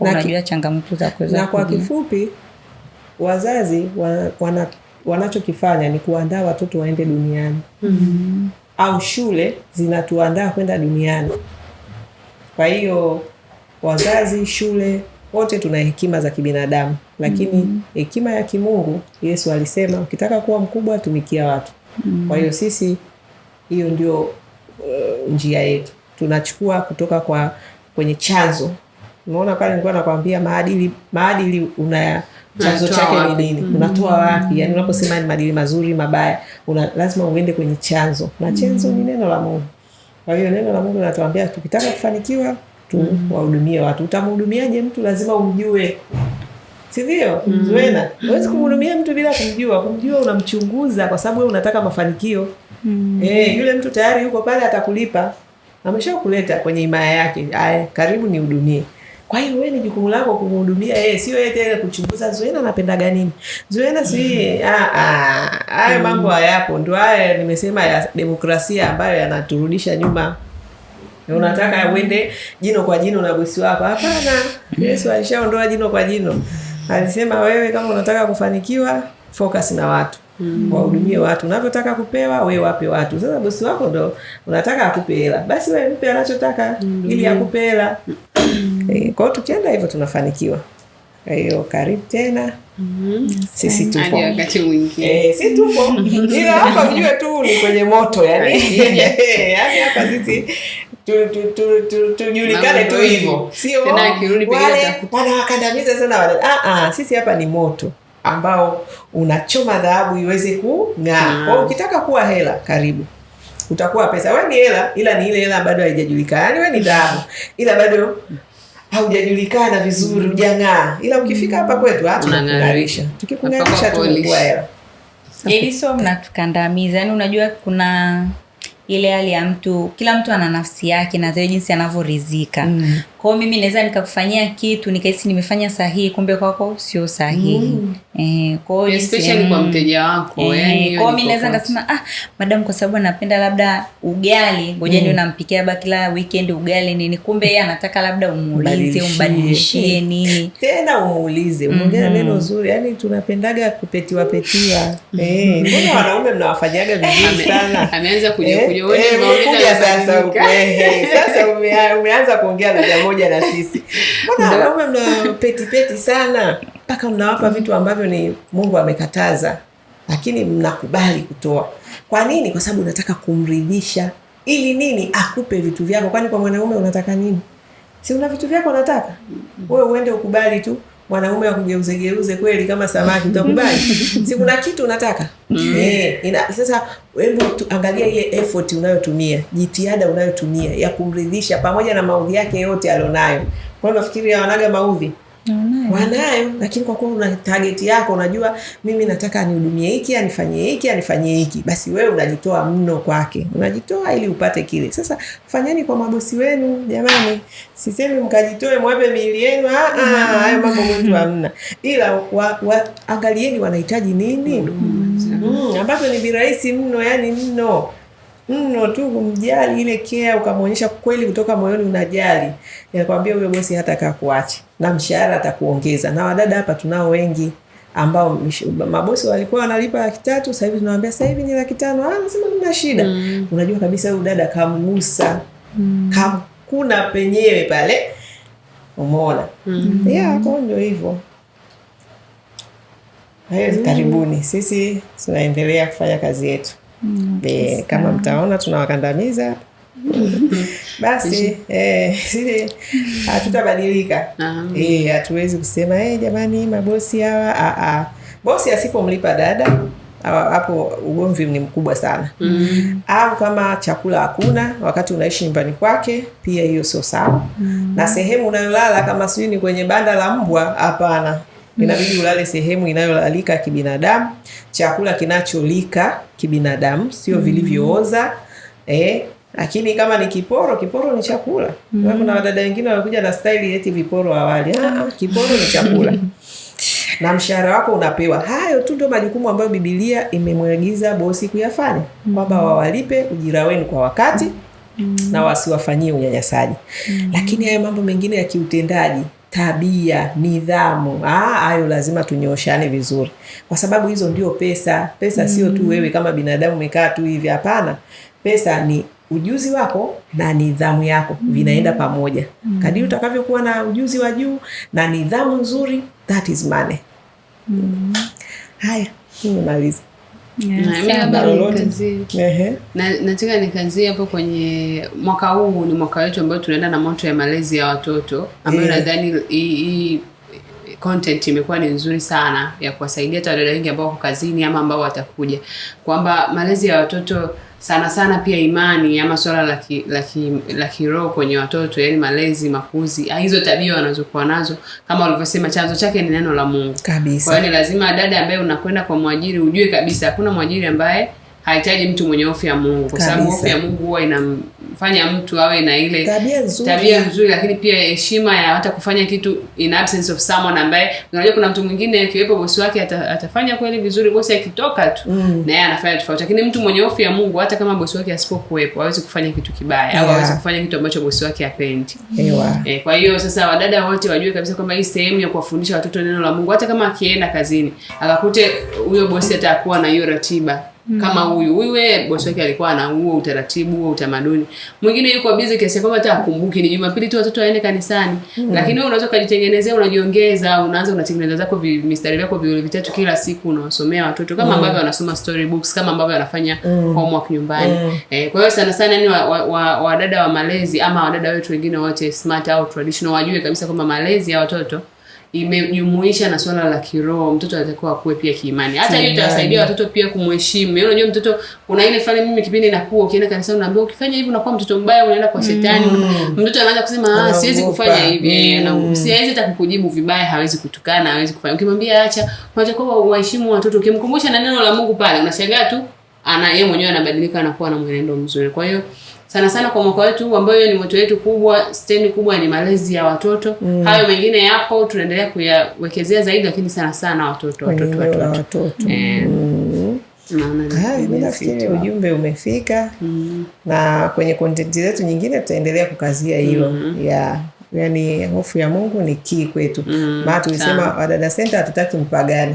unajua changamoto za kuweza na kwa kifupi, wazazi wana, wana, wanachokifanya ni kuandaa watoto waende duniani mm-hmm. au shule zinatuandaa kwenda duniani. Kwa hiyo wazazi, shule, wote tuna hekima za kibinadamu, lakini mm-hmm. hekima ya kimungu, Yesu alisema ukitaka kuwa mkubwa tumikia watu mm-hmm. kwa hiyo sisi, hiyo ndio uh, njia yetu tunachukua kutoka kwa kwenye chanzo Unaona pale nilikuwa nakwambia maadili, maadili una chanzo chake ni nini? mm -hmm. Unatoa wapi? Yani unaposema ni maadili mazuri mabaya, una lazima uende kwenye chanzo, na chanzo mm -hmm. ni neno la Mungu. Kwa hiyo neno la Mungu linatuambia tukitaka kufanikiwa tu mm -hmm. wahudumie watu. Utamhudumiaje mtu? Lazima umjue si ndio? Mm-hmm. Zuena, huwezi kumhudumia mtu bila kumjua. Kumjua unamchunguza, kwa sababu wewe unataka mafanikio mm. Eh, yule mtu tayari yuko pale, atakulipa ameshakuleta kwenye imaya yake. Aya, karibu nihudumie. Kwa hiyo wewe ni jukumu lako kumhudumia yeye, sio yeye tena kuchunguza Zuena anapendaga nini. Zuena si mm. -hmm. ah ah, haya mambo hayapo. Ndio haya nimesema ya demokrasia ambayo yanaturudisha nyuma. Na unataka uende jino kwa jino na bosi wako. Hapana. Yesu alishaondoa jino kwa jino. Alisema wewe kama unataka kufanikiwa, focus na watu. Mm. Wahudumie watu. Unavyotaka kupewa, wewe wape watu. Sasa bosi wako ndo unataka akupe hela. Basi wewe mpe anachotaka mm. ili akupe hela. mm. E, kwa tukienda hivyo tunafanikiwa. Kwa karibu tena. Mm -hmm. Sisi tupo. sisi eh, tupo. Ila hapa mjue tu ni kwenye moto yani. Yaani hapa sisi tujulikane tu hivyo. Sio wale wanawakandamiza sana wale. Ah, ah, sisi hapa ni moto ambao unachoma dhahabu iweze kung'aa. Ah. Kwa ukitaka kuwa hela karibu utakuwa pesa. we ni hela, ila ni ile hela bado haijajulikana. Yaani we ni dhahabu, ila bado haujajulikana vizuri, ujang'aa Ila ukifika hapa kwetu ah, hata Tukikung'arisha tunakuwa hela. Ili yaani so mnatukandamiza. Yaani unajua kuna ile hali ya mtu, kila mtu ana nafsi yake na zile jinsi anavyoridhika. Mm. Kwa hiyo mimi naweza nikakufanyia kitu nikahisi nimefanya sahihi, kumbe kwako sio sahihi. Mm. Eh, kwa hiyo especially mm, kwa mteja wako eh, yani. Kwa mimi naweza nikasema ah, madam, kwa sababu anapenda labda ugali, ngoja mm, nampikia labda kila weekend ugali nini, kumbe yeye anataka labda umuulize, umbadilishie nini, tena umuulize. umongea mm -hmm. neno zuri, yani tunapendaga kupetiwa petiwa. Eh, mbona wanaume mnawafanyaga vizuri sana. Ameanza kuja eh? Eh, sasa sasa umeanza kuongea lugha moja na sisi. Mbona wanaume mna petipeti sana mpaka mnawapa vitu ambavyo ni Mungu amekataza, lakini mnakubali kutoa. Kwa nini? Kwa sababu unataka kumridhisha, ili nini? Akupe vitu vyako. Kwani kwa mwanaume unataka nini? Si una vitu vyako unataka wewe, uende ukubali tu mwanaume wakugeuzegeuze kweli kama samaki utakubali? si kuna kitu unataka mm. E, ina, sasa hebu angalia ile effort unayotumia jitihada unayotumia ya kumridhisha pamoja na maudhi yake yote alionayo. Kwa hiyo nafikiri wanaga maudhi wanayo, lakini kwa kuwa una tageti yako, unajua mimi nataka anihudumie hiki, anifanyie hiki, anifanyie hiki, basi wewe unajitoa mno kwake, unajitoa ili upate kile. Sasa fanyeni kwa mabosi wenu jamani, sisemi mkajitoe mwape miili yenu, ah, ah, hayo mambo mwetu hamna, ila wa, wa, angalieni wanahitaji nini mm. mm, ambavyo ni virahisi mno, yani mno mno tu kumjali ile kea, ukamwonyesha kweli kutoka moyoni unajali, nakwambia huyo bosi hata kaa kuacha na mshahara atakuongeza. Na wadada hapa tunao wengi ambao mabosi walikuwa wanalipa laki tatu, sasa hivi tunawaambia sasa hivi ni laki tano. Ah, nasema mna shida mm. Unajua kabisa huyu dada kamgusa mm. kamkuna penyewe pale, umeona mm. yeah, kwa ndio hivyo hayo mm. Karibuni, sisi tunaendelea kufanya kazi yetu mm. De, eh, kama mtaona tunawakandamiza basi eh, hatutabadilika. Eh, hatuwezi kusema eh, jamani mabosi hawa a ah, a ah. bosi asipomlipa dada hapo ugomvi ni mkubwa sana. mm. Au kama chakula hakuna wakati unaishi nyumbani kwake, pia hiyo sio sawa. mm. Na sehemu unayolala kama sijui ni kwenye banda la mbwa, hapana. Inabidi mm. ulale sehemu inayolalika kibinadamu, chakula kinacholika kibinadamu, sio mm. vilivyooza. Eh, lakini kama ni kiporo, kiporo ni chakula. Mm. Kuna wadada wengine wanakuja na staili eti viporo awali. Ah, ah, kiporo ni chakula na mshahara wako unapewa. Hayo tu ndio majukumu ambayo Biblia imemwagiza bosi kuyafanya kwamba mm. wawalipe ujira wenu kwa wakati mm. na wasiwafanyie unyanyasaji mm. Lakini hayo mambo mengine ya kiutendaji, tabia, nidhamu, ah, hayo lazima tunyooshane vizuri, kwa sababu hizo ndio pesa. Pesa mm. sio tu mm. wewe kama binadamu umekaa tu hivi, hapana. Pesa ni ujuzi wako na nidhamu yako mm. vinaenda pamoja mm. kadiri utakavyokuwa na ujuzi wa juu na nidhamu nzuri, that is money mm. Haya, nimemaliza. Nataka nikazie hapo kwenye mwaka huu, ni mwaka wetu ambao tunaenda na moto ya malezi ya watoto ambayo yeah. nadhani hii content imekuwa ni nzuri sana ya kuwasaidia hata wadada wengi ambao wako kazini ama ambao watakuja kwamba malezi ya watoto sana sana pia imani ama swala la ki, la ki, la kiroho kwenye watoto, yani malezi, makuzi, ah, hizo tabia wanazokuwa nazo, kama walivyosema, chanzo chake ni neno la Mungu kabisa. Kwa hiyo ni lazima dada ambaye unakwenda kwa mwajiri ujue kabisa hakuna mwajiri ambaye hahitaji mtu mwenye hofu ya Mungu, kwa sababu hofu ya Mungu huwa inamfanya mtu awe na ile tabia nzuri, tabia nzuri, lakini pia heshima ya hata kufanya kitu in absence of someone ambaye unajua, kuna mtu mwingine akiwepo bosi wake atafanya kweli vizuri, bosi akitoka tu mm. na yeye anafanya tofauti, lakini mtu mwenye hofu ya Mungu hata kama bosi wake asipokuwepo hawezi kufanya kitu kibaya yeah. au hawezi kufanya kitu ambacho bosi wake apendi yeah. E, kwa hiyo sasa wadada wote wajue kabisa kwamba hii sehemu ya kuwafundisha watoto neno la Mungu, hata kama akienda kazini akakute huyo bosi atakuwa na hiyo ratiba Mm. kama huyu huyu bosi wake alikuwa ana huo utaratibu huo utamaduni. Mwingine yuko busy kiasi kwamba hata akumbuki ni Jumapili tu watoto waende kanisani mm. lakini wewe unaweza ukajitengenezea, unajiongeza, unaanza unatengeneza zako vi, mistari yako viwili vitatu kila siku, unawasomea watoto kama mm. ambavyo wanasoma story books, kama ambavyo wanafanya mm. homework nyumbani mm. eh, kwa hiyo sana sana yani wadada wa, wa, wa, wa malezi ama wadada wetu wengine wote smart au traditional wajue kabisa kwamba malezi ya watoto imejumuisha na swala la kiroho, mtoto anatakiwa akuwe pia kiimani. Hata hiyo itawasaidia watoto pia kumheshimu. Yaani unajua, mtoto una ile fani, mimi kipindi nakuwa, ukienda kanisa unaambia ukifanya hivi unakuwa mtoto mbaya, unaenda kwa mm. shetani. Mm. Mtoto anaanza kusema ah, siwezi kufanya hivi mm. na siwezi hata kukujibu vibaya, hawezi kutukana, hawezi kufanya. Ukimwambia acha, unatakiwa waheshimu watoto, ukimkumbusha na neno la Mungu pale, unashangaa tu ana yeye mwenyewe anabadilika, anakuwa na mwenendo mzuri. Kwa hiyo sana sana kwa mwaka wetu ambayo ni moto wetu kubwa, stendi kubwa ni malezi ya watoto mm. Hayo mengine yapo tunaendelea kuyawekezea zaidi, lakini sana sana watoto watoto watoto watoto. watoto. Eh. Mm. nafikiri ujumbe umefika mm. na kwenye content zetu nyingine tutaendelea kukazia hilo mm. ya yeah. Yani, hofu ya Mungu ni kii kwetu mm, maana mm. tulisema Wadada Center hatutaki mpagani,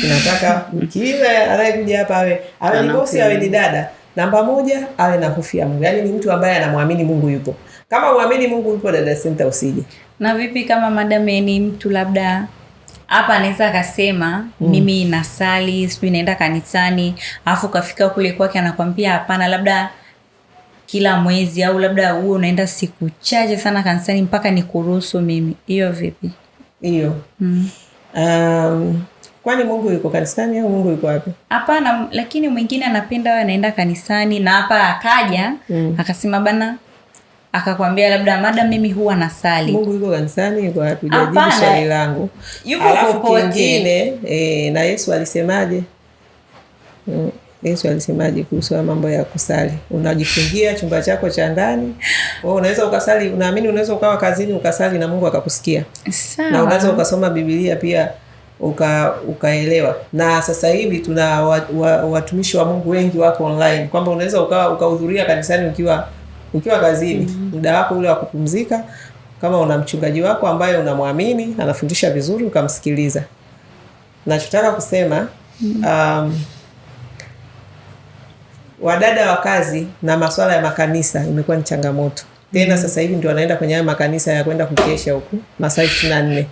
tunataka kila anayekuja hapa awe awe ni bosi awe ni dada Namba moja, awe na hofu ya Mungu, yaani ni mtu ambaye anamwamini Mungu yupo. Kama uamini Mungu yupo, dada senta usije. Na vipi kama madam ni mtu labda hapa anaweza akasema mm. mimi nasali sijui naenda kanisani, afu kafika kule kwake anakwambia hapana, labda kila mwezi au labda huo unaenda siku chache sana kanisani mpaka nikuruhusu mimi, hiyo vipi hiyo? mm. um, Kwani Mungu yuko kanisani au Mungu yuko wapi? Hapana, lakini mwingine anapenda wewe anaenda kanisani na hapa akaja mm. akasema bana akakwambia labda madam, mimi huwa nasali. Mungu yuko kanisani, yuko wapi? Jibu swali langu. Yuko popote. Eh, na Yesu alisemaje? mm. Yesu alisemaje kuhusu mambo ya kusali? Unajifungia chumba chako cha ndani. Wewe unaweza ukasali, unaamini unaweza ukawa kazini ukasali na Mungu akakusikia. Sawa. Na unaweza ukasoma Biblia pia uka, ukaelewa. Na sasa hivi tuna watumishi wa Mungu wengi wako online, kwamba unaweza ukawa ukahudhuria kanisani ukiwa ukiwa kazini mm-hmm. muda mm -hmm. wako ule wa kupumzika, kama una mchungaji wako ambaye unamwamini anafundisha vizuri, ukamsikiliza. Nachotaka kusema mm -hmm. um, wadada wa kazi na masuala ya makanisa imekuwa ni changamoto tena sasa hivi ndio wanaenda kwenye haya makanisa ya kwenda kukesha huku masaa ishirini na nne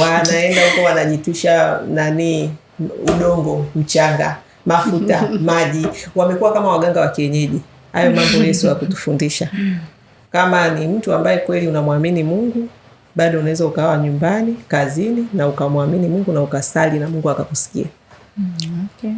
wanaenda huko wanajitwisha nani udongo mchanga mafuta maji wamekuwa kama waganga wa kienyeji hayo mambo yesu akutufundisha kama ni mtu ambaye kweli unamwamini mungu bado unaweza ukawa nyumbani kazini na ukamwamini mungu na ukasali na mungu akakusikia mm, okay.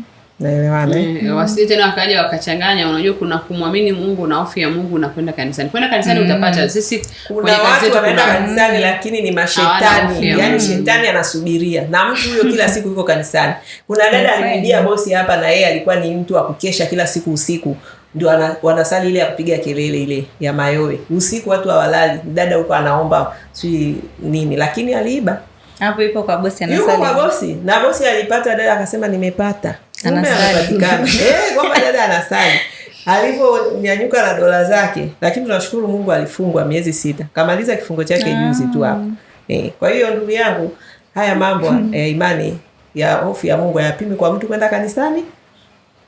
Naelewana. Mm, wasije tena wakaja wakachanganya. Unajua kuna kumwamini Mungu na hofu ya Mungu na kwenda kanisani. Kwenda kanisani mm. Utapata sisi kuna watu wanaenda kanisani lakini ni mashetani. Yaani shetani anasubiria. Na mtu huyo kila siku yuko kanisani. Kuna dada mm. alipigia bosi hapa na yeye alikuwa ni mtu wa kukesha kila siku usiku. Ndio wana, wanasali ile ya kupiga kelele ile ya mayowe. Usiku watu hawalali. Dada huko anaomba si nini lakini aliiba. Hapo ipo kwa bosi anasali. Yuko kwa bosi. Na bosi alipata dada akasema nimepata anapatikana eh, kwamba dada anasali alivyonyanyuka na dola zake, lakini tunashukuru Mungu alifungwa miezi sita, kamaliza kifungo chake ah. juzi tu hapo e. Kwa hiyo ndugu yangu, haya mambo ya hmm. eh, imani ya hofu ya Mungu hayapimi kwa mtu kwenda kanisani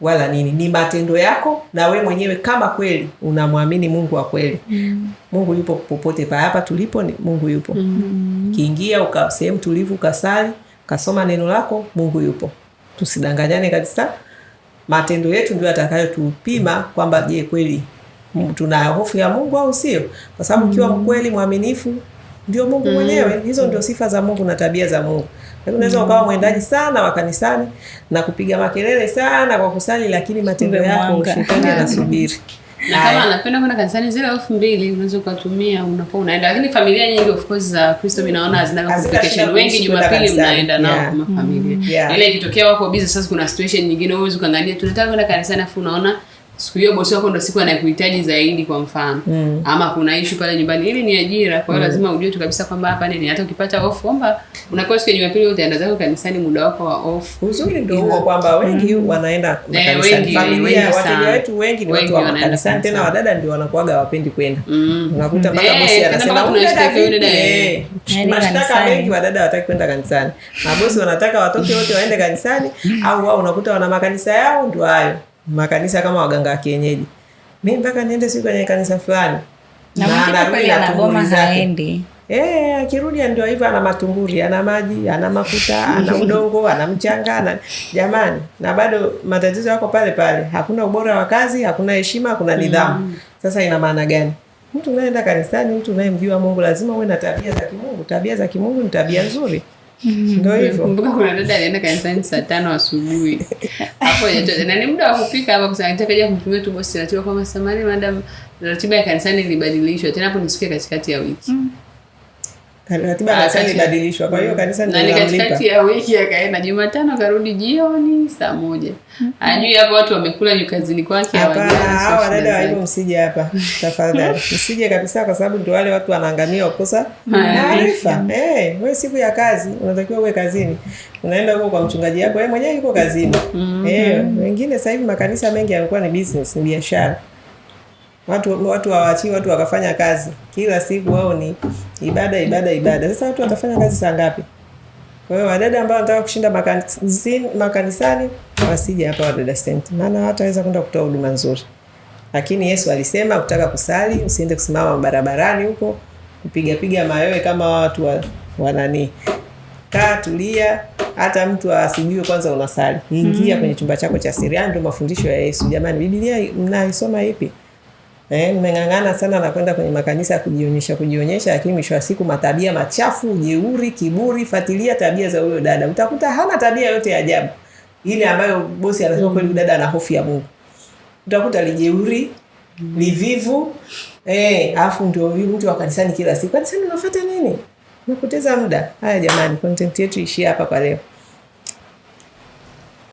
wala nini, ni matendo yako na we mwenyewe, kama kweli unamwamini Mungu wa kweli mm. Mungu yupo popote pa hapa tulipo, ni Mungu yupo mm. Kiingia sehemu tulivu, ukasali, ukasoma neno lako, Mungu yupo tusidanganyane kabisa. Matendo yetu ndio atakayotupima kwamba je, kweli tuna hofu ya Mungu au sio, kwa sababu ukiwa mm-hmm. mkweli, mwaminifu ndio Mungu mm-hmm. mwenyewe. Hizo ndio sifa za Mungu na tabia za Mungu. Lakini unaweza ukawa mm-hmm. mwendaji sana wa kanisani na kupiga makelele sana kwa kusali, lakini matendo yako shetani anasubiri. na kama anapenda kwenda kanisani zile elfu mbili unaweza ukatumia unakuwa unaenda, lakini familia nyingi of course za Kristo mimi naona hazina complication. Wengi Jumapili mnaenda nao kama familia mm, mm-hmm. Ile ikitokea wako busy sasa, kuna situation nyingine, wewe ukaangalia tunataka kwenda kanisani afu unaona siku hiyo bosi wako ndo siku anakuhitaji zaidi, kwa mfano mm. ama kuna issue pale nyumbani, ili ni ajira. Kwa hiyo mm. lazima ujue tu kabisa kwamba hapa nini, hata ukipata off kwamba unakuwa siku ya Jumapili utaenda zako kanisani, muda wako wa off. Uzuri ndio huo kwamba wengi mm. wanaenda eh, kanisani, familia, wateja wetu wengi ni watu wa kanisani, tena wadada ndio wanakuaga wapendi kwenda mm. unakuta mpaka eh, bosi anasema eh, yaani mashtaka mengi, wadada hawataki kwenda kanisani mabosi wanataka watoke wote waende kanisani, au wao unakuta wana makanisa yao ndio hayo makanisa kama waganga wa kienyeji, mi mpaka niende siku kwenye kanisa fulani Eh, akirudi ndio hivyo, ana matunguri, ana maji, ana mafuta, ana udongo, ana mchanga, na jamani, na bado matatizo yako pale pale. Hakuna ubora wa kazi, hakuna heshima, hakuna mm. nidhamu Sasa ina maana gani? Mtu unaenda kanisani, mtu unayemjua Mungu lazima uwe na tabia za kimungu. Tabia za kimungu ni tabia nzuri. Mm-hmm. Ndio kuna kanisani saa tano asubuhi. ni muda wa kupika kumtumia tu bosi ratiba ratiba ya kanisani ilibadilishwa. Tena hapo nisikia katikati ya wiki. Mm. Ratiba ah, kanisa ilibadilishwa, kwa hiyo mm. kanisa ndio Katikati ya wiki akaenda Jumatano jioni saa moja. Mm. Ajui hapo watu wamekula kwake msije hapa tafadhali, msije kabisa, kwa sababu ndio wale watu wanaangamia wakosa maarifa. Eh, wewe siku ya kazi unatakiwa uwe kazini, unaenda huko kwa mchungaji wako, wewe mwenyewe yuko kazini. Mm-hmm. Eh, wengine sasa hivi makanisa mengi yamekuwa ni business, ni biashara. Watu watu hawaachii watu wakafanya kazi kila siku, wao ni ibada ibada ibada. Sasa watu watafanya kazi saa ngapi? Kwa hiyo wadada ambao wanataka kushinda makanisani, makanisani wasije hapa Wadada Center, maana hataweza kwenda kutoa huduma nzuri. Lakini Yesu alisema ukitaka kusali usiende kusimama barabarani huko kupiga piga mayowe kama watu wa, wa nani. Kaa tulia, hata mtu asijue kwanza unasali. Ingia mm -hmm. kwenye chumba chako cha siri. Ndio mafundisho ya Yesu. Jamani, Biblia mnaisoma ipi? Eh, mmeng'ang'ana sana na kwenda kwenye makanisa ya kujionyesha kujionyesha, lakini mwisho wa siku matabia machafu, jeuri kiburi. Fuatilia tabia za huyo dada, utakuta hana tabia yote ya ajabu ile ambayo bosi anasema kweli dada ana hofu ya Mungu. Utakuta lijeuri, livivu, eh, afu ndio mtu wa kanisani kila siku. Kanisani unafuata nini? Unapoteza muda. Haya jamani, content yetu ishia hapa kwa leo.